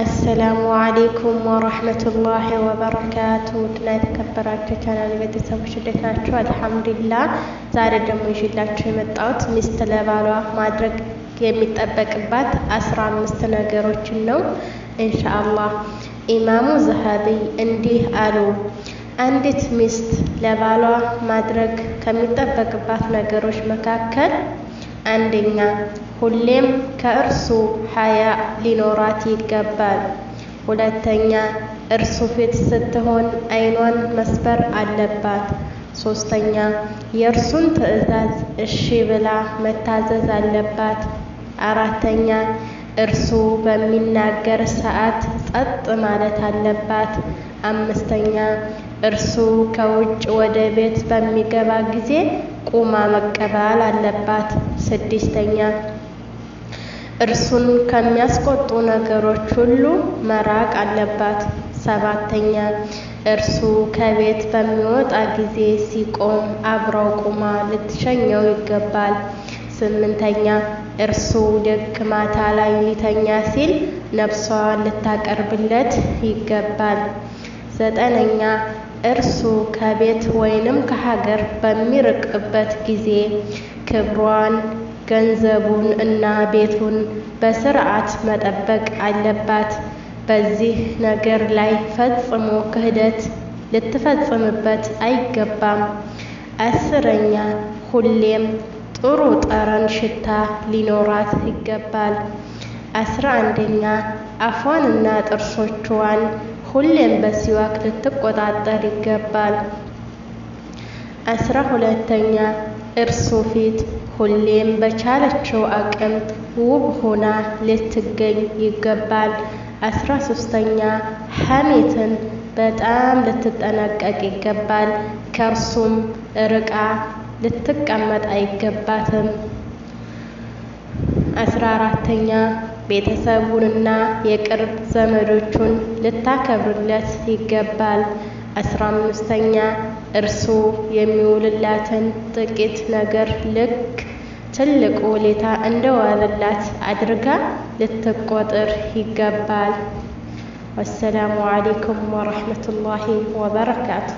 አሰላሙ አሌይኩም ወረህመቱላሂ ወበረካቱ ውድና የተከበራችሁ ቻናል ቤተሰቦች እንዴት ናችሁ? አልሐምዱሊላ። ዛሬ ደግሞ ይዤላችሁ የመጣሁት ሚስት ለባሏ ማድረግ የሚጠበቅባት አስራ አምስት ነገሮችን ነው ኢንሻአላህ። ኢማሙ ዘሀቢ እንዲህ አሉ፣ አንዲት ሚስት ለባሏ ማድረግ ከሚጠበቅባት ነገሮች መካከል አንደኛ ሁሌም ከእርሱ ሀያ ሊኖራት ይገባል። ሁለተኛ እርሱ ፊት ስትሆን አይኗን መስበር አለባት። ሶስተኛ የእርሱን ትዕዛዝ እሺ ብላ መታዘዝ አለባት። አራተኛ እርሱ በሚናገር ሰዓት ጸጥ ማለት አለባት። አምስተኛ እርሱ ከውጭ ወደ ቤት በሚገባ ጊዜ ቁማ መቀበል አለባት። ስድስተኛ እርሱን ከሚያስቆጡ ነገሮች ሁሉ መራቅ አለባት። ሰባተኛ እርሱ ከቤት በሚወጣ ጊዜ ሲቆም አብረው ቁማ ልትሸኘው ይገባል። ስምንተኛ እርሱ ልክ ማታ ላይ ሊተኛ ሲል ነፍሷ ልታቀርብለት ይገባል። ዘጠነኛ እርሱ ከቤት ወይንም ከሀገር በሚርቅበት ጊዜ ክብሯን፣ ገንዘቡን እና ቤቱን በስርዓት መጠበቅ አለባት። በዚህ ነገር ላይ ፈጽሞ ክህደት ልትፈጽምበት አይገባም። አስረኛ ሁሌም ጥሩ ጠረን ሽታ ሊኖራት ይገባል። አስራ አንደኛ አፏንና ጥርሶቿን ሁሌም በሲዋክ ልትቆጣጠር ይገባል። አስራ ሁለተኛ እርሱ ፊት ሁሌም በቻለችው አቅም ውብ ሆና ልትገኝ ይገባል። አስራ ሶስተኛ ሐሜትን በጣም ልትጠነቀቅ ይገባል። ከእርሱም ርቃ ልትቀመጥ አይገባትም። አስራ አራተኛ ቤተሰቡንና የቅርብ ዘመዶቹን ልታከብርለት ይገባል። አስራ አምስተኛ እርሶ የሚውልላትን ጥቂት ነገር ልክ ትልቅ ውለታ እንደዋለላት አድርጋ ልትቆጥር ይገባል። ወሰላሙ አሌይኩም ወረሕመቱላሂ ወበረካቱ።